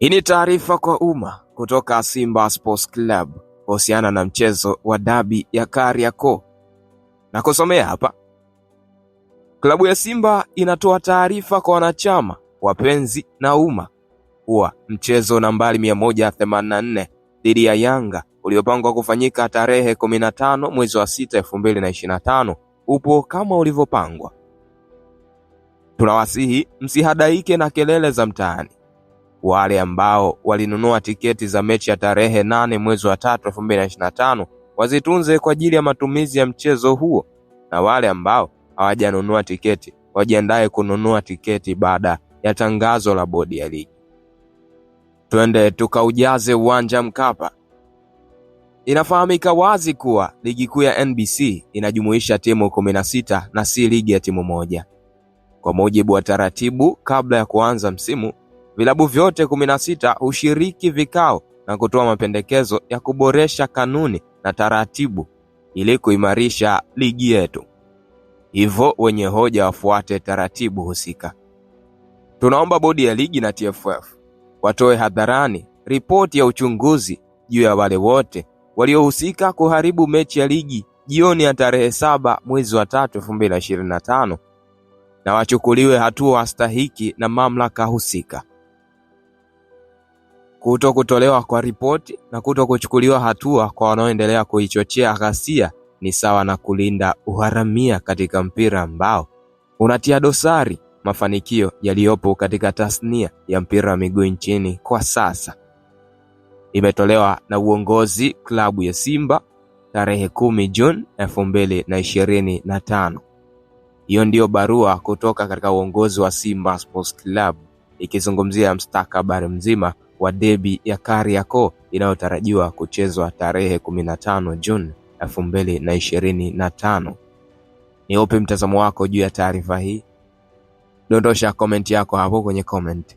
Hii ni taarifa kwa umma kutoka Simba Sports Club kuhusiana na mchezo wa dabi ya Kariakoo na kusomea hapa. Klabu ya Simba inatoa taarifa kwa wanachama, wapenzi na umma kuwa mchezo nambari 184 dhidi ya Yanga uliopangwa kufanyika tarehe 15 mwezi wa 6 2025 upo kama ulivyopangwa. Tunawasihi msihadaike na kelele za mtaani wale ambao walinunua tiketi za mechi ya tarehe nane mwezi wa tatu elfu mbili na ishirini na tano wazitunze kwa ajili ya matumizi ya mchezo huo, na wale ambao hawajanunua tiketi wajiandaye kununua tiketi baada ya tangazo la bodi ya ligi. Twende tukaujaze uwanja Mkapa. Inafahamika wazi kuwa ligi kuu ya NBC inajumuisha timu 16 na si ligi ya timu moja. Kwa mujibu wa taratibu, kabla ya kuanza msimu, Vilabu vyote kumi na sita hushiriki vikao na kutoa mapendekezo ya kuboresha kanuni na taratibu ili kuimarisha ligi yetu, hivyo wenye hoja wafuate taratibu husika. Tunaomba bodi ya ligi na TFF watoe hadharani ripoti ya uchunguzi juu ya wale wote waliohusika kuharibu mechi ya ligi jioni ya tarehe saba mwezi wa tatu elfu mbili na ishirini na tano na wachukuliwe hatua stahiki na mamlaka husika kuto kutolewa kwa ripoti na kuto kuchukuliwa hatua kwa wanaoendelea kuichochea ghasia ni sawa na kulinda uharamia katika mpira ambao unatia dosari mafanikio yaliyopo katika tasnia ya mpira wa miguu nchini kwa sasa. Imetolewa na uongozi klabu ya Simba tarehe 10 Juni 2025. Hiyo ndiyo barua kutoka katika uongozi wa Simba Sports Club ikizungumzia mstakabali mzima wa debi ya Kariakoo inayotarajiwa kuchezwa tarehe 15 Juni 2025. mbili Ni upi mtazamo wako juu ya taarifa hii? Dondosha komenti yako hapo kwenye comment.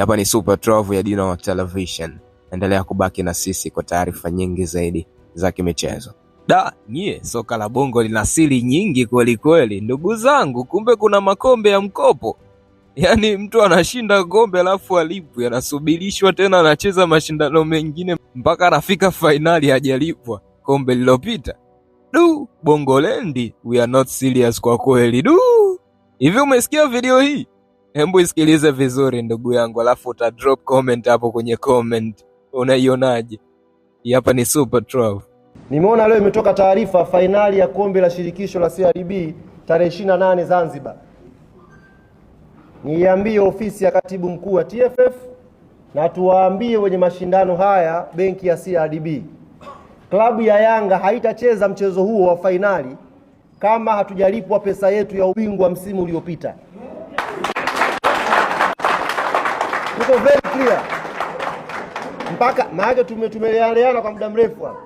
Hapa ni Super 12 ya Dino Television. Endelea kubaki na sisi kwa taarifa nyingi zaidi za kimichezo. Da nyie, soka la bongo lina siri nyingi kweli kweli, ndugu zangu. Kumbe kuna makombe ya mkopo Yaani mtu anashinda kombe alafu alipwe, anasubirishwa tena anacheza mashindano mengine mpaka anafika fainali hajalipwa kombe lilopita. Du, Bongolendi, we are not serious kwa kweli. Du, hivi umesikia video hii? Hebu isikilize vizuri ndugu yangu, alafu uta drop comment hapo kwenye comment unaionaje. Hapa ni Super Trove. Nimeona leo imetoka taarifa fainali ya kombe la shirikisho la CRB tarehe 28 Zanzibar niambie ofisi ya katibu mkuu wa TFF na tuwaambie wenye mashindano haya benki ya CRDB, klabu ya Yanga haitacheza mchezo huo wa fainali kama hatujalipwa pesa yetu ya ubingwa msimu uliopita. Tuko very clear mpaka maana tumetumeleana kwa muda mrefu hapa.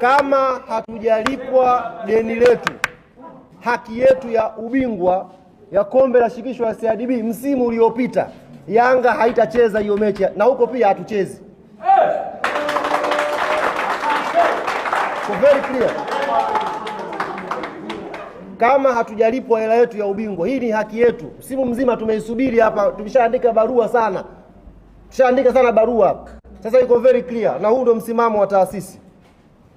Kama hatujalipwa deni letu, haki yetu ya ubingwa ya kombe la shirikisho la CRDB msimu uliopita, Yanga haitacheza hiyo mechi na huko pia hatuchezi. So very clear, kama hatujalipwa hela yetu ya ubingwa, hii ni haki yetu. Msimu mzima tumeisubiri hapa, tumeshaandika barua sana, tushaandika sana barua hapa. Sasa iko very clear, na huu ndio msimamo wa taasisi.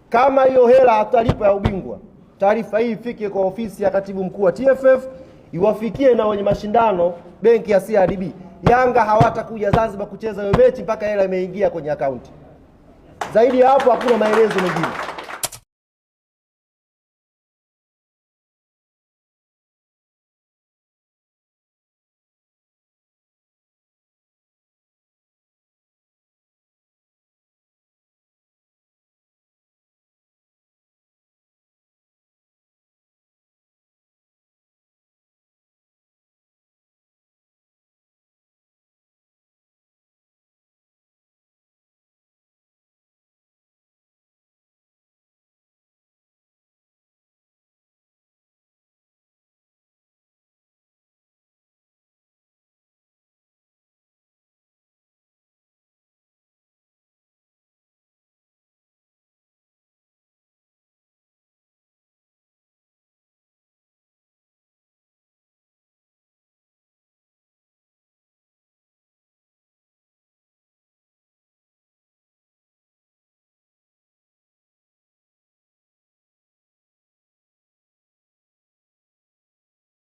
Kama hiyo hela hatutalipa ya ubingwa, taarifa hii ifike kwa ofisi ya katibu mkuu wa TFF iwafikie na wenye mashindano benki ya CRDB. Yanga hawatakuja Zanzibar kucheza hiyo mechi mpaka hela imeingia kwenye akaunti. Zaidi ya hapo hakuna maelezo mengine.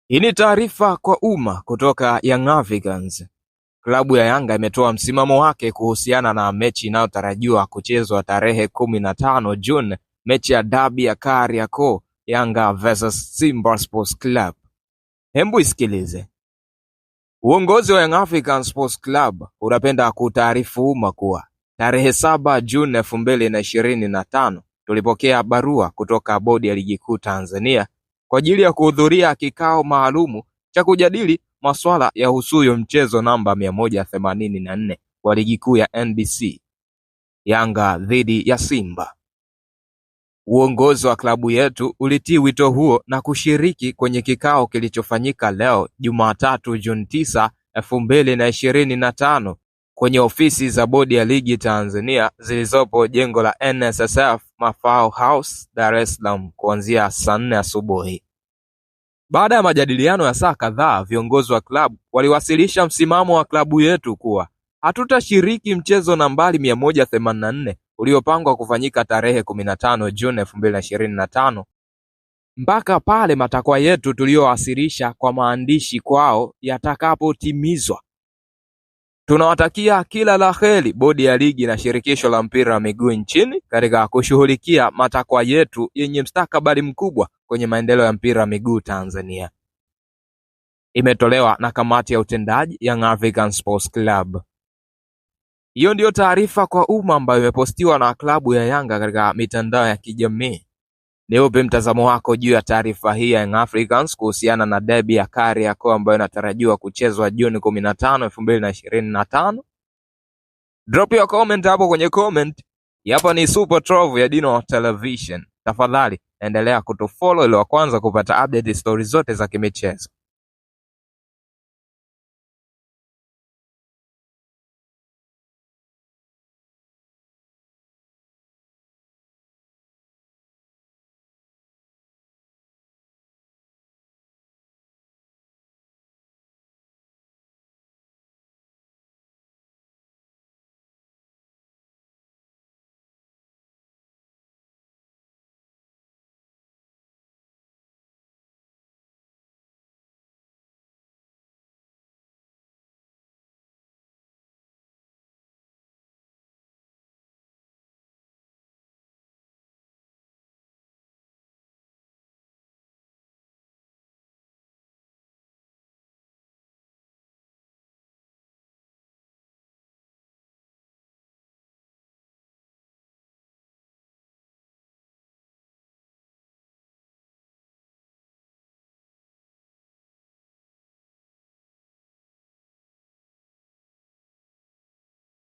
Hii ni taarifa kwa umma kutoka Young Africans. Klabu ya Yanga imetoa msimamo wake kuhusiana na mechi inayotarajiwa kuchezwa tarehe 15 Juni, mechi ya dabi ya Kariakoo, Yanga versus Simba Sports Club. Hembu isikilize. Uongozi wa Young African Sports Club unapenda kutaarifu umma kuwa tarehe 7 Juni 2025 tulipokea barua kutoka bodi ya ligi kuu Tanzania kwa ajili ya kuhudhuria kikao maalumu cha kujadili masuala husuyo mchezo namba 184 na nne wa ligi kuu ya NBC Yanga dhidi ya Simba. Uongozi wa klabu yetu ulitii wito huo na kushiriki kwenye kikao kilichofanyika leo Jumatatu Juni 9, 2025 kwenye ofisi za Bodi ya Ligi Tanzania zilizopo jengo la NSSF Mafao House Dar es Salaam kuanzia saa nne asubuhi. Baada ya majadiliano ya saa kadhaa, viongozi wa klabu waliwasilisha msimamo wa klabu yetu kuwa hatutashiriki mchezo nambari 184 uliopangwa kufanyika tarehe 15 Juni 2025 mpaka pale matakwa yetu tuliyowasilisha kwa maandishi kwao yatakapotimizwa tunawatakia kila la heri Bodi ya Ligi na Shirikisho la Mpira wa Miguu nchini katika kushughulikia matakwa yetu yenye mstakabali mkubwa kwenye maendeleo ya mpira wa miguu Tanzania. Imetolewa na kamati ya utendaji Young African Sports Club. Hiyo ndiyo taarifa kwa umma ambayo imepostiwa na klabu ya Yanga katika mitandao ya kijamii. Ni upi mtazamo wako juu ya taarifa hii ya Young Africans kuhusiana na debi ya Kariakoo ambayo inatarajiwa kuchezwa Juni 15 2025? Drop your comment hapo kwenye comment. Hapa ni Super Trove ya Dino Television. Tafadhali endelea kutufollow ili wa kwanza kupata update stories zote za kimichezo.